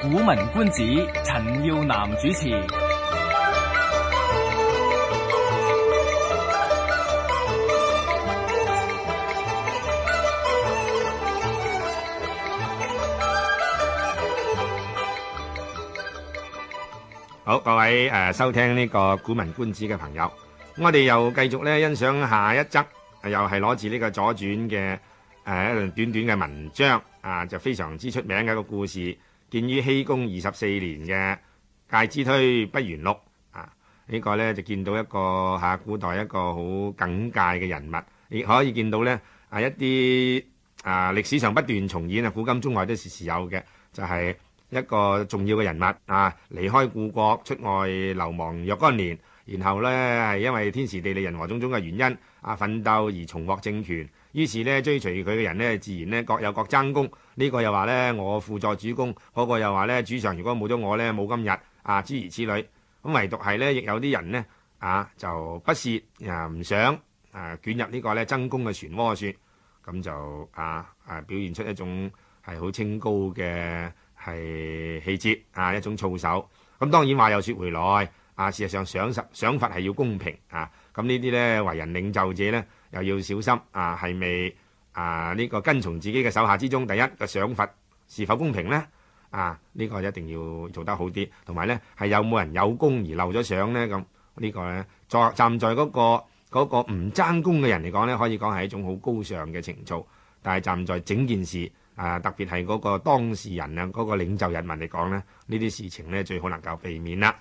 古文觀止，陳耀南主持。好，各位誒，收聽呢個古文觀止嘅朋友，我哋又繼續咧欣賞下一則，又係攞住呢個左傳嘅誒一段短短嘅文章啊，就非常之出名嘅一個故事。建於《熙公二十四年》嘅介之推不言祿，啊，呢、這個呢就見到一個嚇、啊、古代一個好耿介嘅人物，亦可以見到呢，一些啊一啲啊歷史上不斷重演啊古今中外都時時有嘅，就係、是、一個重要嘅人物啊，離開故國出外流亡若干年，然後呢，係因為天時地利人和種種嘅原因啊，奮鬥而重獲政權。於是咧，追隨佢嘅人咧，自然咧各有各爭功。呢個又話咧，我輔助主公；嗰個又話咧，主上如果冇咗我咧，冇今日啊，諸如此類。咁唯獨係咧，亦有啲人呢，啊，就不屑呀，唔想啊，捲入呢個咧爭功嘅漩渦算。咁就啊啊，表現出一種係好清高嘅係氣節啊，一種操守。咁當然話又説回來啊，事實上想想法係要公平啊。咁呢啲咧為人領袖者呢。又要小心啊！係咪啊？呢、這個跟從自己嘅手下之中，第一個想法是否公平呢？啊！呢、這個一定要做得好啲，同埋呢，係有冇人有功而漏咗賞呢？咁、這、呢個呢，站站在嗰、那個唔、那個、爭功嘅人嚟講呢，可以講係一種好高尚嘅情操。但係站在整件事啊，特別係嗰個當事人啊，嗰、那個領袖人民嚟講呢，呢啲事情呢，最好能夠避免啦。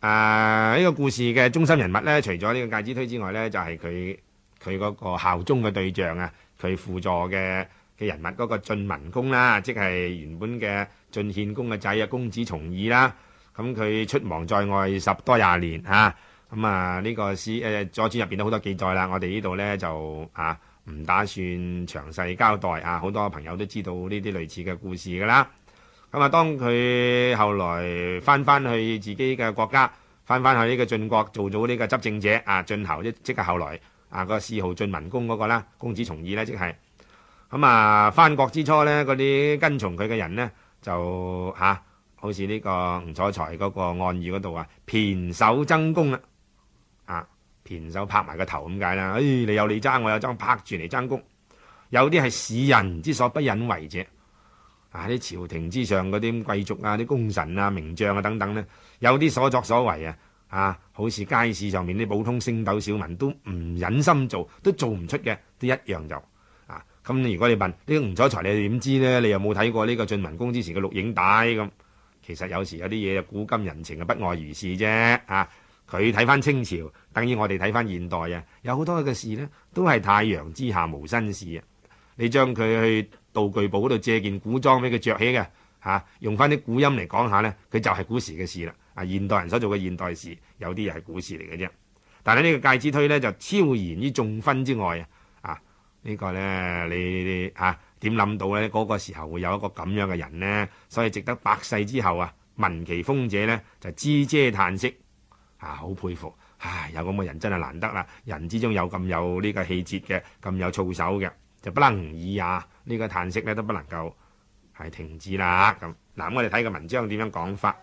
誒、啊、呢、這個故事嘅中心人物呢，除咗呢個介之推之外呢，就係佢。佢嗰個效忠嘅對象啊，佢輔助嘅嘅人物嗰個晉文公啦，即係原本嘅晉獻公嘅仔啊，公子重耳啦。咁佢出亡在外十多廿年啊。咁、這個、啊呢個史誒左傳入面都好多記載啦。我哋呢度呢，就啊唔打算詳細交代啊，好多朋友都知道呢啲類似嘅故事噶啦。咁啊，當佢後來返返去自己嘅國家，返返去呢個晉國做咗呢個執政者啊，晉侯即即刻後來。啊！那個仕豪晉文公嗰個啦，公子從義呢，即係咁啊！返國之初咧，嗰啲跟從佢嘅人呢，就嚇好似呢個吳楚材嗰個案語嗰度啊，攤手爭功啦！啊，攤手、啊啊、拍埋個頭咁解啦！唉、哎，你有你爭，我有爭，拍住嚟爭功。有啲係士人之所不忍為者啊！啲朝廷之上嗰啲貴族啊、啲功臣啊、名將啊等等呢，有啲所作所為啊！啊！好似街市上面啲普通星斗小民都唔忍心做，都做唔出嘅，都一樣就啊！咁如果你問呢個吳楚才，你點知呢？你又冇睇過呢個《晉文公》之前嘅錄影帶咁。其實有時有啲嘢古今人情啊，不外如是啫啊！佢睇翻清朝，等於我哋睇翻現代啊！有好多嘅事呢，都係太陽之下無新事啊！你將佢去道具部嗰度借件古裝俾佢著起嘅嚇，用翻啲古音嚟講下呢，佢就係古時嘅事啦。現代人所做嘅現代事，有啲又係古事嚟嘅啫。但係呢個介之推呢，就超然於眾分之外啊！啊，這個、呢個咧，你，你啊點諗到呢？嗰、那個時候會有一個咁樣嘅人呢，所以值得百世之後啊，聞其風者呢，就咨嗟嘆息啊，好佩服！唉，有咁嘅人真係難得啦。人之中有咁有呢個氣節嘅，咁有操守嘅，就不能已也。呢、這個嘆息呢，都不能夠係停止啦。咁、啊、嗱，我哋睇個文章點樣講法？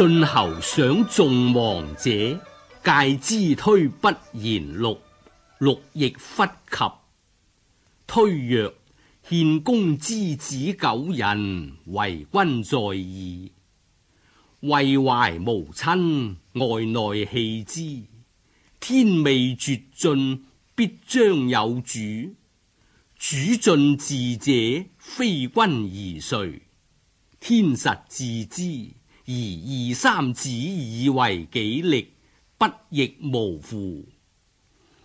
晉侯想眾亡者，介之推不言祿，祿亦忽及。推曰：“獻公之子九人，為君在矣。為懷無親，外內棄之。天未絕晉，必將有主。主晉自者，非君而誰？天實自知。”而二三子以為己力，不亦無乎？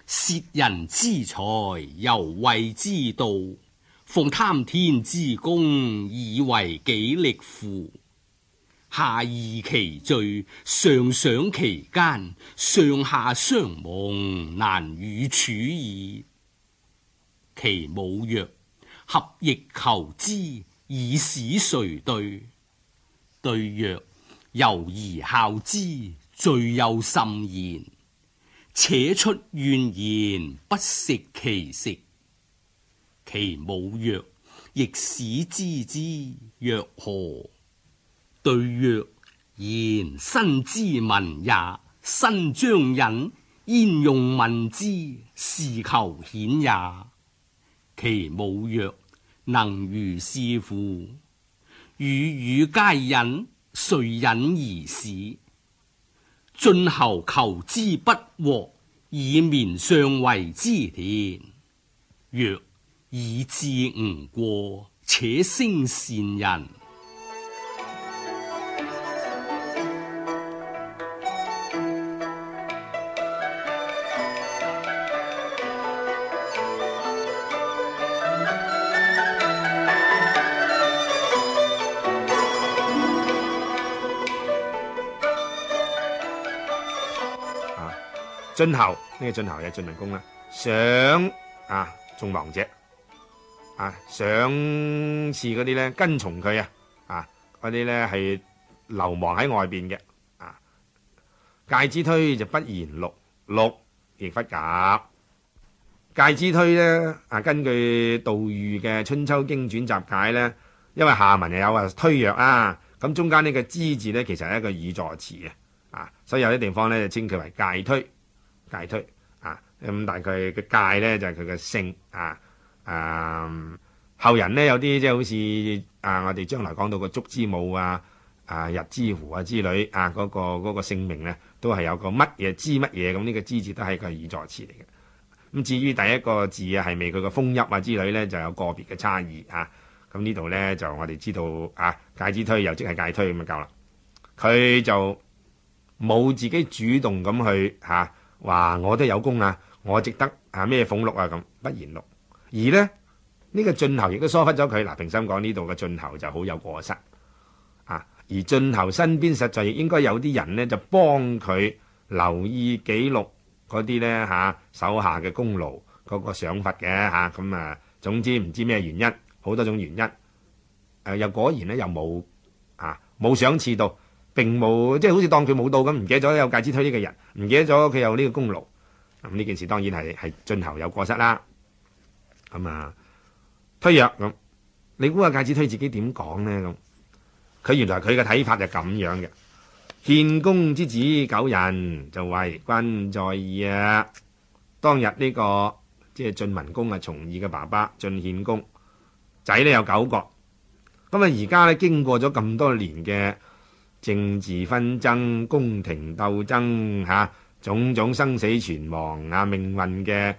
竊人之財，猶為之道，況貪天之功，以為己力乎？下義其罪，上賞其奸，上下相蒙，難與處矣。其母曰：“合亦求之，以使誰對？”對曰。由而效之，罪又甚焉。且出怨言，不食其食。其母曰：“亦使知之，之，若何？”對曰：“言身之文也，身將隱，焉用文之？是求顯也。其母曰：能如是乎？與汝偕隱。”遂隱而死。晉侯求之不獲，以綿上為之田。曰：以志吾過，且旌善人。晉侯呢、呢個晉侯又係晉文公啦，賞啊眾亡者啊，賞賜嗰啲咧跟從佢啊啊嗰啲咧係流亡喺外邊嘅啊。介之推就不言祿，祿亦不給。介之推咧啊，根據杜預嘅《春秋經傳集解》咧，因為下文又有話推約啊，咁中間個呢個之字咧其實係一個語助詞啊，啊，所以有啲地方咧就稱佢為介推。介推啊，咁但係佢嘅介咧就係佢嘅姓啊，誒、啊、後人呢，有啲即係好似啊，我哋將來講到個燭之武啊、啊佚之狐啊之類啊，嗰、嗰個嗰個姓名咧都係有個乜嘢之乜嘢咁，呢個之字都係個語助詞嚟嘅。咁、啊、至於第一個字啊，係咪佢個封邑啊之類咧，就有個別嘅差異啊。咁呢度咧就我哋知道啊，介之推又即係介推咁就夠啦，佢就冇自己主動咁去嚇。啊哇！我都有功啊，我值得啊咩俸祿啊咁不言祿。而呢，呢、這個晉侯亦都疏忽咗佢嗱，平心講呢度嘅晉侯就好有過失啊。而晉侯身邊實在亦應該有啲人呢，就幫佢留意記錄嗰啲呢吓、啊、手下嘅功勞嗰、那個想法嘅吓咁啊。總之唔知咩原因，好多種原因誒、啊，又果然呢，又冇啊冇賞賜到。並冇即係好似當佢冇到咁，唔記得咗有介之推呢個人，唔記得咗佢有呢個功勞。咁呢件事當然係係晉侯有過失啦。咁啊，推約咁，你估下介之推自己點講呢？咁佢原來佢嘅睇法就咁樣嘅。獻公之子九人，就為君在矣、啊。當日呢、呢個即係晉文公啊，重耳嘅爸爸，晉獻公仔呢有九個。咁啊，而家呢經過咗咁多年嘅。政治紛爭、宮廷鬥爭嚇、啊，種種生死存亡啊，命運嘅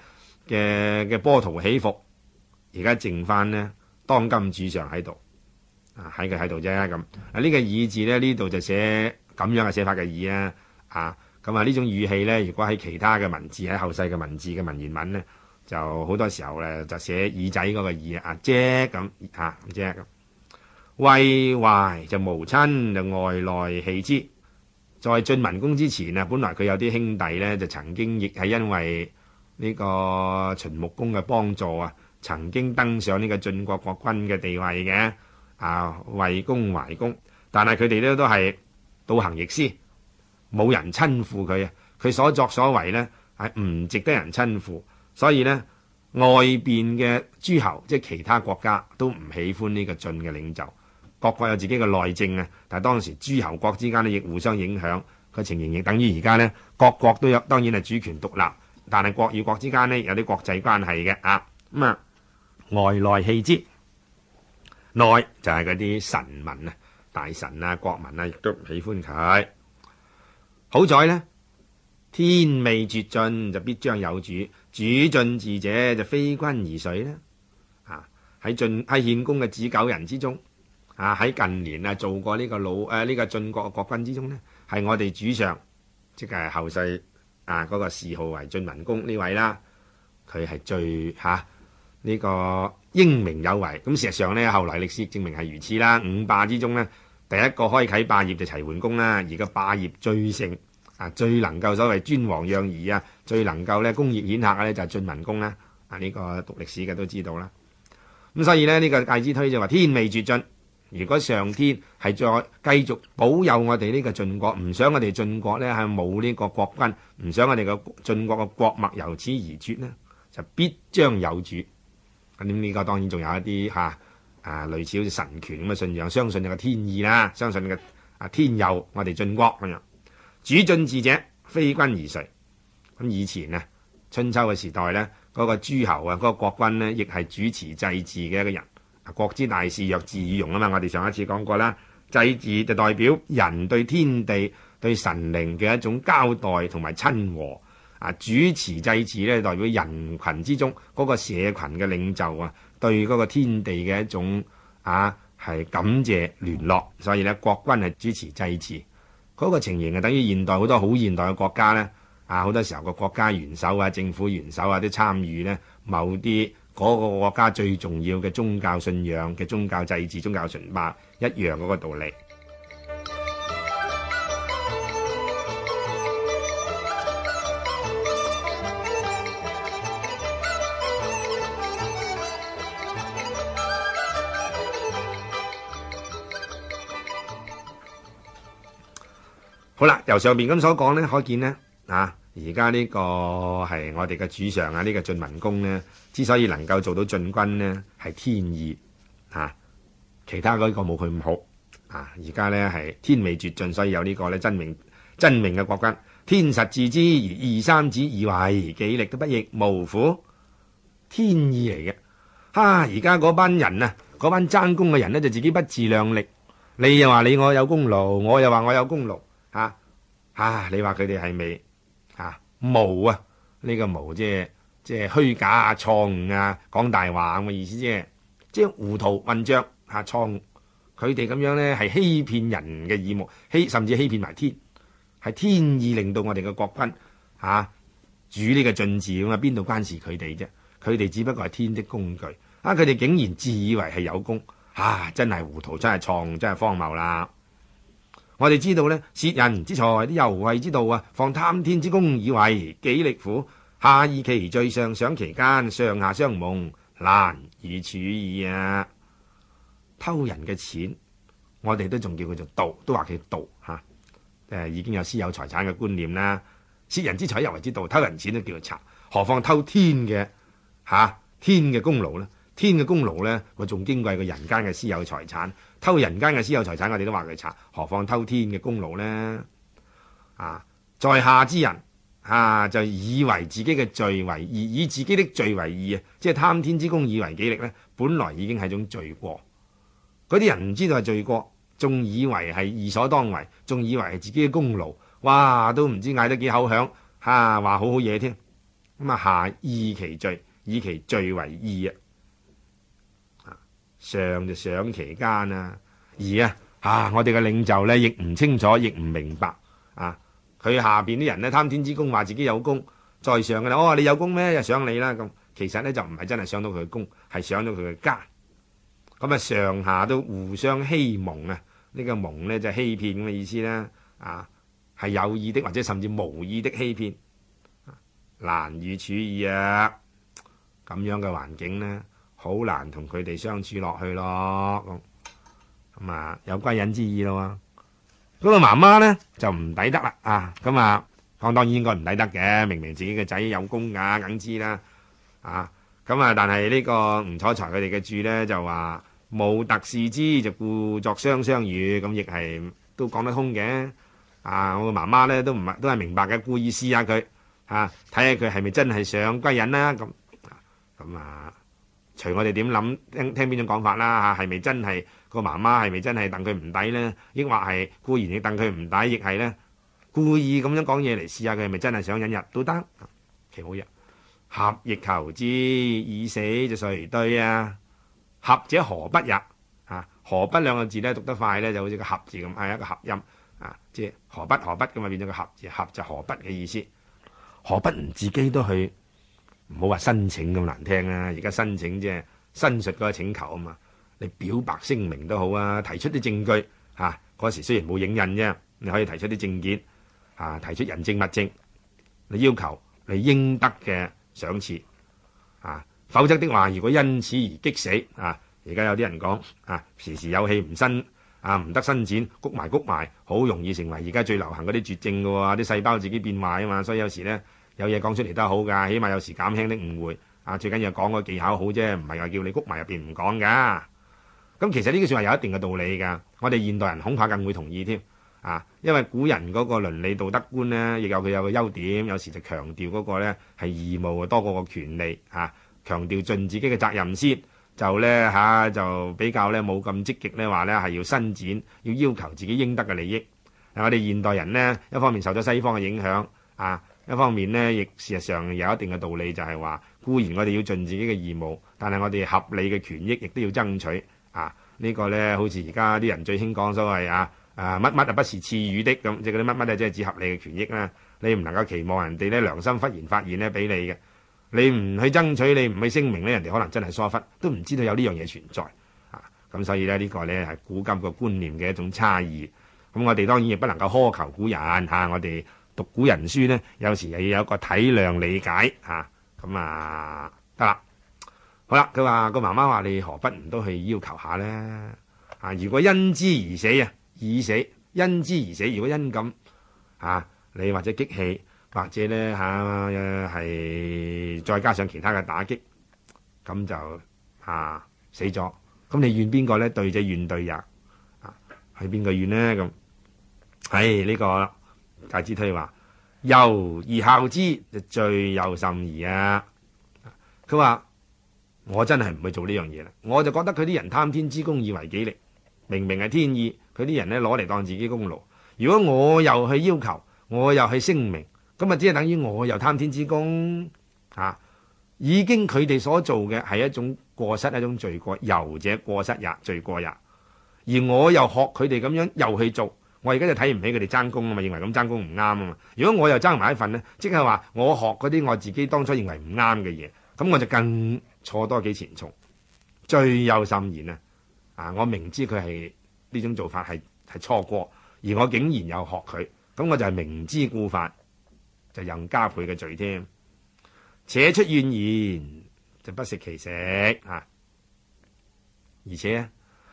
嘅嘅波濤起伏，而家剩翻呢當今主上喺度，啊喺佢喺度啫咁。啊呢個耳字咧呢度就寫咁樣嘅寫法嘅耳字啊，啊咁啊呢種語氣咧，如果喺其他嘅文字喺後世嘅文字嘅文言文咧，就好多時候咧就寫耳仔嗰個耳啊姐咁嚇咁。啊啊啊啊為懷就無親就外內棄之。在晉文公之前啊，本來佢有啲兄弟呢，就曾經亦係因為呢個秦穆公嘅幫助啊，曾經登上呢個晉國國君嘅地位嘅啊，為公懷公。但係佢哋呢都係倒行逆施，冇人親附佢啊。佢所作所為呢，係唔值得人親附，所以呢，外邊嘅諸侯即係其他國家都唔喜歡呢個晉嘅領袖。各國有自己嘅內政啊，但係當時諸侯國之間咧亦互相影響，個情形亦等於而家呢，各國都有當然係主權獨立，但係國與國之間呢，有啲國際關係嘅啊。咁啊，外內棄之，內就係嗰啲臣民啊、大臣、啊、國民啊，亦都唔喜歡佢。好在呢，天未絕盡就必將有主，主盡治者就非君而誰呢啊，喺晉喺獻公嘅子九人之中。啊！喺近年啊，做過呢個魯誒呢個晉國國君之中呢係我哋主上，即係後世啊嗰、那個諡號為晉文公呢位啦。佢係最嚇呢、啊這個英明有為。咁事實上呢，後來歷史證明係如此啦。五霸之中呢，第一個開啓霸業就齊桓公啦，而個霸業最盛啊，最能夠所謂尊王攘夷啊，最能夠咧功業顯赫呢，就係晉文公啦。啊，呢、這個讀歷史嘅都知道啦。咁所以呢，呢、這個介之推就話天未絕晉。如果上天係再繼續保佑我哋呢個晉國，唔想我哋晉國呢係冇呢個國君，唔想我哋個晉國個國脈由此而絕呢，就必將有主。咁呢個當然仲有一啲嚇啊，啊，類似好似神權咁嘅信仰，相信你個天意啦，相信你個啊天佑我哋晉國咁樣。主晉治者，非君而誰？咁以前呢春秋嘅時代呢，嗰、那個諸侯啊，嗰、那個國君呢，亦係主持祭祀嘅一個人。國之大事，若自與容啊嘛！我哋上一次講過啦，祭祀就代表人對天地、對神靈嘅一種交代同埋親和啊。主持祭祀呢，代表人群之中嗰、那個社群嘅領袖啊，對嗰個天地嘅一種啊係感謝聯絡。所以呢，國軍係主持祭祀。嗰、那個情形啊，等於現代好多好現代嘅國家呢。啊，好多時候個國家元首啊、政府元首啊啲參與呢某啲。嗰個國家最重要嘅宗教信仰嘅宗教祭祀、宗教崇拜一樣嗰個道理。好啦，由上面咁所講咧，可見咧啊。而家呢個係我哋嘅主上啊！呢個晉文公呢，之所以能夠做到晉軍呢，係天意啊！其他嗰個冇佢咁好啊！而家呢，係天未絕盡，所以有這個呢個咧真命真命嘅國家，天實自知，而二三子以為己力都不亦，無苦天意嚟嘅。哈！而家嗰班人啊，嗰班爭功嘅人呢，就自己不自量力。你又話你我有功勞，我又話我有功勞啊！啊！你話佢哋係咪？誣啊！呢、這個誣即係即係虛假誤啊、錯誤、就是、啊、講大話咁嘅意思啫，即係糊塗混帳啊、錯誤。佢哋咁樣呢係欺騙人嘅耳目，欺甚至欺騙埋天，係天意令到我哋嘅國君嚇主呢個晉祀咁啊，邊度關事佢哋啫？佢哋只不過係天的工具啊！佢哋竟然自以為係有功，嚇、啊、真係糊塗，真係錯誤，真係荒謬啦！我哋知道呢，竊人之財啲猶謂之盜啊，況貪天之功以為己力乎，下義其罪，上賞其姦，上下相蒙，難以處矣啊！偷人嘅錢，我哋都仲叫佢做盜，都話佢盜吓。誒、啊，已經有私有財產嘅觀念啦。竊人之財，猶謂之盜，偷人錢都叫做賊，何況偷天嘅吓、啊、天嘅功勞呢？天嘅功勞呢，我仲矜貴過人間嘅私有財產。偷人間嘅私有財產，我哋都話佢賊，何況偷天嘅功勞呢？啊，在下之人啊，就以為自己嘅罪為義，以自己的罪為義啊，即係貪天之功以為己力呢，本來已經係一種罪過，嗰啲人唔知道係罪過，仲以為係義所當為，仲以為係自己嘅功勞。哇，都唔知嗌得幾口響，嚇、啊、話好好嘢添。咁啊，下義其罪，以其罪為義啊！上就上其間啦，而啊，啊我哋嘅領袖呢，亦唔清楚，亦唔明白啊，佢下面啲人呢，貪天之功，話自己有功，在上嘅啦，我、哦、話你有功咩？又上你啦咁，其實呢，就唔係真係上到佢嘅功，係上到佢嘅家。咁啊上下都互相欺蒙啊，呢、呢個蒙呢，就是、欺騙嘅意思啦，啊係有意的或者甚至無意的欺騙，難以處矣啊，咁樣嘅環境呢。好難同佢哋相處落去咯，咁咁啊有歸隱之意咯。咁個媽媽咧就唔抵得啦，啊咁啊，當當然應該唔抵得嘅，明明自己嘅仔有功噶，梗知啦，啊咁啊，但係呢個吳楚材佢哋嘅注咧，就話冇特試之，就故作雙雙語，咁亦係都講得通嘅。啊，我個媽媽咧都唔係都係明白嘅，故意試下佢，啊睇下佢係咪真係想歸隱啦，咁咁啊。隨我哋點諗，聽聽邊種講法啦嚇，係咪真係個媽媽係咪真係戥佢唔抵呢？抑或係固然你戥佢唔抵，亦係呢。故意咁樣講嘢嚟試下佢係咪真係想引入都得。其母曰合亦求之，以死就誰懟啊！合者何不入啊？何不兩個字咧讀得快咧，就好似個合字咁，係一個合音啊！即係何不何不咁啊，變咗個合字，合就何不嘅意思。何不唔自己都去？唔好話申請咁難聽啊，而家申請即係申述嗰個請求啊嘛，你表白聲明都好啊，提出啲證據吓，嗰時雖然冇影印啫，你可以提出啲證件吓，提出人證物證，你要求你應得嘅賞賜啊，否則的話，如果因此而激死啊，而家有啲人講啊，時時有氣唔伸啊，唔得伸展，谷埋谷埋，好容易成為而家最流行嗰啲絕症噶，啲細胞自己變壞啊嘛，所以有時呢。有嘢講出嚟都好㗎，起碼有時減輕啲誤會啊。最緊要講個技巧好啫，唔係話叫你谷埋入面唔講噶。咁其實呢個說話有一定嘅道理㗎。我哋現代人恐怕更會同意添啊，因為古人嗰個倫理道德觀呢，亦有佢有個優點。有時就強調嗰個呢係義務多過個權利啊，強調盡自己嘅責任先就呢、啊，就比較呢冇咁積極呢話呢係要伸展要要求自己應得嘅利益。我哋現代人呢，一方面受咗西方嘅影響啊。一方面呢，亦事實上有一定嘅道理就是說，就係話固然我哋要盡自己嘅義務，但係我哋合理嘅權益亦都要爭取。啊，呢、呢個呢，好似而家啲人最興講所謂啊，啊乜乜啊不是賜予的咁，即係啲乜乜咧，即係指合理嘅權益啦。你唔能夠期望人哋良心忽然發現呢俾你嘅，你唔去爭取，你唔去聲明呢，人哋可能真係疏忽，都唔知道有呢樣嘢存在。啊，咁所以呢，呢、呢個呢係古今嘅觀念嘅一種差異。咁我哋當然亦不能夠苛求古人、啊、我哋。讀古人書呢，有時又要有一個體諒理解咁啊得啦、啊。好啦，佢話個媽媽話你何不都去要求下呢？啊，如果因之而死啊，以死；因之而死，如果因咁啊，你或者激氣，或者呢係、啊、再加上其他嘅打擊，咁就、啊、死咗。咁你怨邊個呢？對者怨對也啊？係邊個怨呢？咁唉呢個。介之推話，尤而效之就最有心意啊！佢話我真係唔會做呢樣嘢啦，我就覺得佢啲人貪天之功以為己力，明明係天意，佢啲人呢攞嚟當自己功勞。如果我又去要求，我又去聲明，咁啊，只係等於我又貪天之功吓，啊，已經佢哋所做嘅係一種過失，一種罪過，尤者過失也，罪過也。而我又學佢哋咁樣又去做。我而家就睇唔起佢哋爭功啊嘛，認為咁爭功唔啱啊嘛。如果我又爭埋一份呢，即係話我學嗰啲我自己當初認為唔啱嘅嘢，咁我就更錯多幾前從。罪又甚焉啊！啊，我明知佢係呢種做法係係錯過，而我竟然又學佢，咁我就係明知故犯，就任加倍嘅罪添。且出怨言就不食其食啊！而且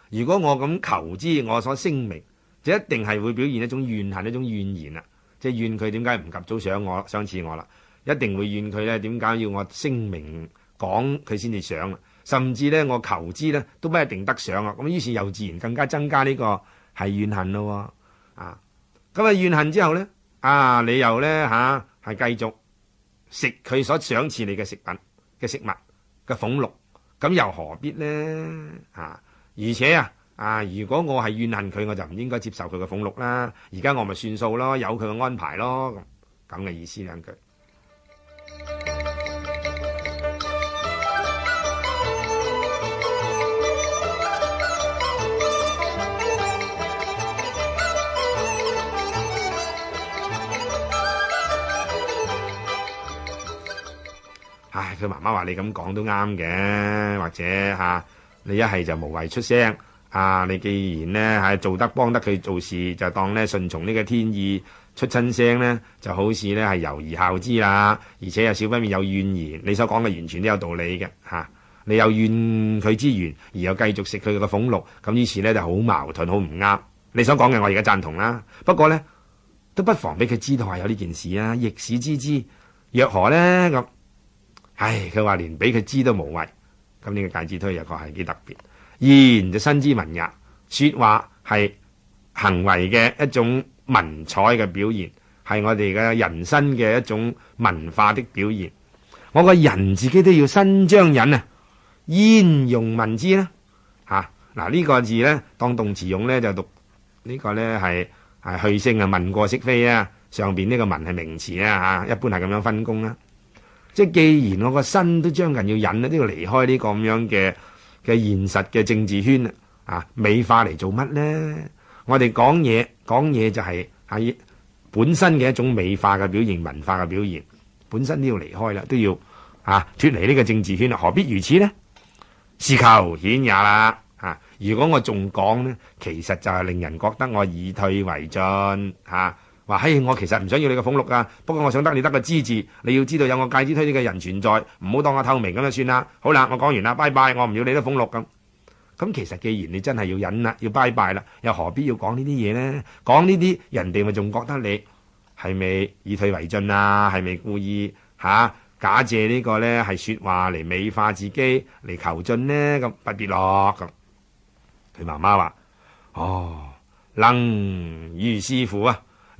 如果我咁求知，我所聲明，就一定係會表現一種怨恨、一種怨言啦，即、就、係、是、怨佢點解唔及早賞我、賞賜我啦，一定會怨佢咧點解要我聲明講佢先至賞啦，甚至咧我求知咧都不一定得賞啊，咁於是又自然更加增加呢個係怨恨咯、哦，啊，咁啊怨恨之後咧，啊你又咧嚇係繼續食佢所賞賜你嘅食品嘅食物嘅俸祿，咁又何必咧啊？而且啊～啊！如果我係怨恨佢，我就唔應該接受佢嘅俸祿啦。而家我咪算數咯，有佢嘅安排咯，咁嘅意思兩句。唉，佢媽媽話你咁講都啱嘅，或者嚇、啊、你一係就無謂出聲。啊！你既然呢係做得幫得佢做事，就當呢順從呢個天意出親聲呢就好似呢係尤而效之啦。而且有少不免有怨言，你所講嘅完全都有道理嘅嚇、啊。你有怨佢之源而又繼續食佢個俸禄，咁於是呢就好矛盾，好唔啱。你所講嘅我而家贊同啦，不過呢都不妨俾佢知道係有呢件事啊！逆使之知若何呢？咁？唉，佢話連俾佢知都無謂。咁呢個介之推又確係幾特別。言就身之文也，說話係行為嘅一種文采嘅表現，係我哋嘅人生嘅一種文化的表現。我個人自己都要身將隱啊，焉用文之呢？吓，嗱呢個字呢，當動詞用呢，就讀呢、這個呢，係係去聲啊，文過識非啊。上邊呢個文係名詞啊，吓一般係咁樣分工啊。即係既然我個身都將近要隱呢，都要離開呢個咁樣嘅。嘅現實嘅政治圈啊，美化嚟做乜呢？我哋講嘢講嘢就係、喺、本身嘅一種美化嘅表現、文化嘅表現，本身都要離開啦，都要啊脫離呢個政治圈，何必如此呢？是求顯也啦，如果我仲講呢，其實就係令人覺得我以退為進、啊話嘿，我其實唔想要你個俸祿啊，不過我想得你得個知治，你要知道有我介之推你嘅人存在，唔好當我透明咁就算啦。好啦，我講完啦，拜拜，我唔要你都俸祿咁、啊。咁其實既然你真係要忍啦，要拜拜啦，又何必要講呢啲嘢呢？講呢啲人哋咪仲覺得你係咪以退為進啊？係咪故意吓、啊、假借呢個呢係說話嚟美化自己嚟求進呢？咁不必咯咁。佢媽媽話：哦，能如是乎啊！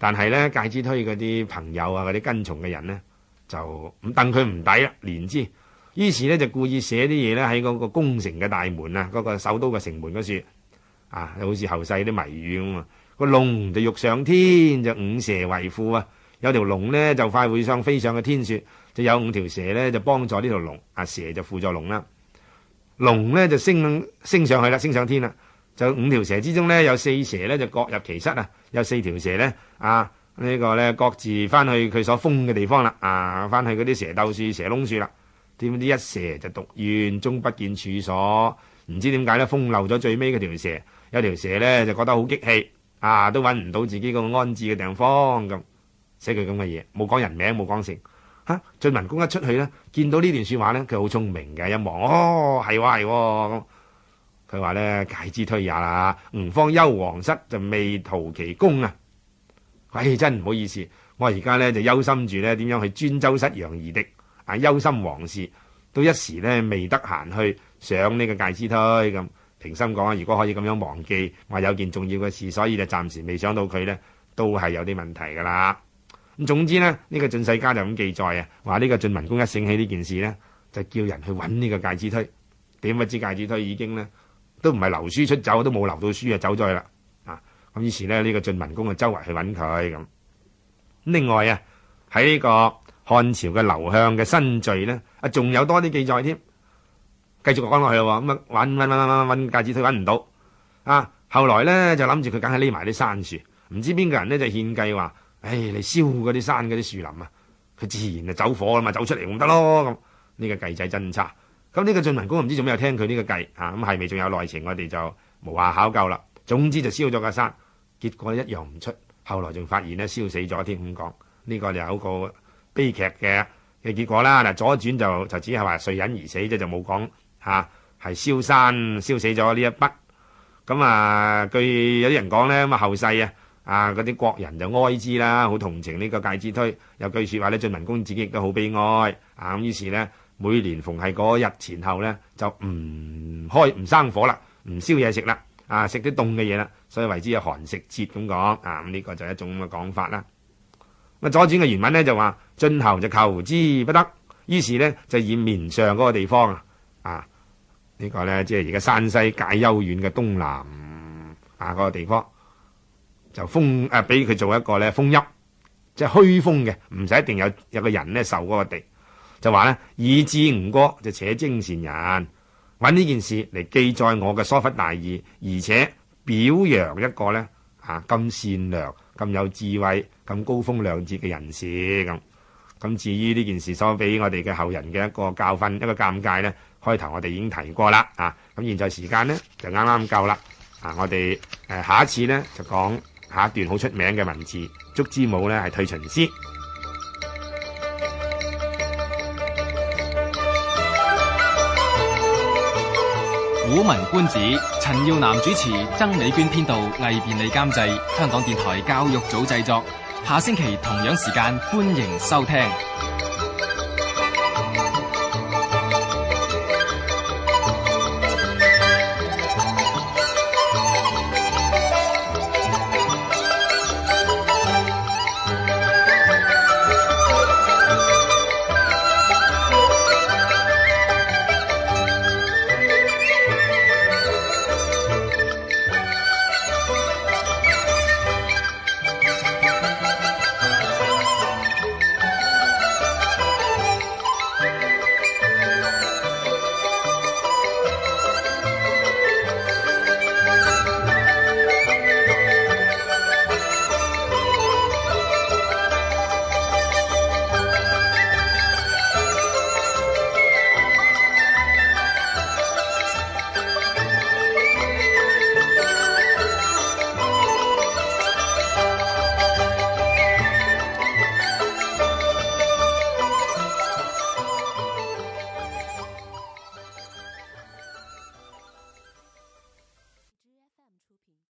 但係呢，介之推嗰啲朋友啊，嗰啲跟從嘅人呢，就替佢唔抵啦，憐之。於是呢，就故意寫啲嘢呢，喺嗰個宮城嘅大門啊，嗰、嗰個首都嘅城門嗰處啊，好似後世啲謎語咁啊。個龍就欲上天，就五蛇為輔啊。有條龍呢，就快會上飛上嘅天説，就有五條蛇呢，就幫助呢條龍，阿、啊、蛇就輔助龍啦。龍呢，就升升上去啦，升上天啦。就五條蛇之中呢，有四蛇呢，就各入其室啊。有四條蛇咧，啊、這個、呢個咧各自翻去佢所封嘅地方啦，啊翻去嗰啲蛇鬥樹、蛇窿樹啦，點知一蛇就獨怨，終，不見處所，唔知點解咧封漏咗最尾嗰條蛇，有條蛇咧就覺得好激氣，啊都搵唔到自己個安置嘅地方咁，寫佢咁嘅嘢，冇講人名，冇講姓，嚇、啊。晉文公一出去咧，見到段呢段說話咧，佢好聰明嘅，一望，哦係喎係喎。佢話呢介之推呀，吾方憂王室，就未圖其功啊！唉、哎，真唔好意思，我而家呢就憂心住呢點樣去尊周室攘夷狄？啊，憂心皇事，都一時呢未得閒去上呢個介之推咁。平心講，如果可以咁樣忘記，話有件重要嘅事，所以就暫時未想到佢呢都係有啲問題噶啦。咁總之呢，呢、這個《晉世家》就咁記載啊，話呢個晉文公一醒起呢件事呢，就叫人去揾呢個介之推，點不知介之推已經呢？都唔係留書出走，都冇留到書啊，走咗去啦。啊，咁於是呢，呢、呢個晉文公啊，周圍去揾佢咁。另外啊，喺呢個漢朝嘅劉向嘅新序呢，啊仲有多啲記載添。繼續講落去咯，咁啊搵，揾揾揾介之推都揾唔到。啊，後來呢，就諗住佢梗係匿埋啲山樹，唔知邊個人呢，就獻計話：唉、哎、你燒嗰啲山嗰啲樹林啊，佢自然就走火咁嘛，走出嚟唔得咯。咁、啊、呢、呢個計仔真差。咁呢個晉文公唔知做咩有聽佢呢個計，咁係咪仲有內情？我哋就無話考究啦。總之就燒咗個山，結果一樣唔出。後來仲發現呢燒死咗添，咁講呢個就有一個悲劇嘅嘅結果啦。嗱左轉就就只係話遂隱而死，就冇講嚇係燒山燒死咗呢一筆。咁啊，據有啲人講呢，咁啊後世啊啊嗰啲國人就哀之啦，好同情呢個介子推。有句說話呢晉文公自己亦都好悲哀啊。咁於是呢每年逢係嗰日前後呢，就唔開唔生火啦，唔燒嘢食啦，啊食啲凍嘅嘢啦，所以為之係寒食節咁講，啊咁呢、嗯這個就一種咁嘅講法啦。咁左轉嘅原文呢，就話，晉侯就求之不得，於是呢，就以綿上嗰個地方啊，呢、這個呢，即係而家山西介休縣嘅東南啊嗰、那個地方，就封誒俾佢做一個封邑，即係虛封嘅，唔使一定有有個人呢受嗰個地。就話呢，以志吾過，就且旌善人，搵呢件事嚟記載我嘅疏忽大意，而且表揚一個呢咁、啊、善良、咁有智慧、咁高風亮節嘅人士咁。咁、啊、至於呢件事所俾我哋嘅後人嘅一個教訓、一個尷尬呢，呢開開頭我哋已經提過啦咁、啊、現在時間呢，就啱啱夠啦、啊、我哋、啊、下一次呢，就講下一段好出名嘅文字《燭之武》呢，係退秦師古文觀止，陳耀南主持，曾美娟編導，魏便利監製，香港電台教育組製作。下星期同樣時間，歡迎收聽。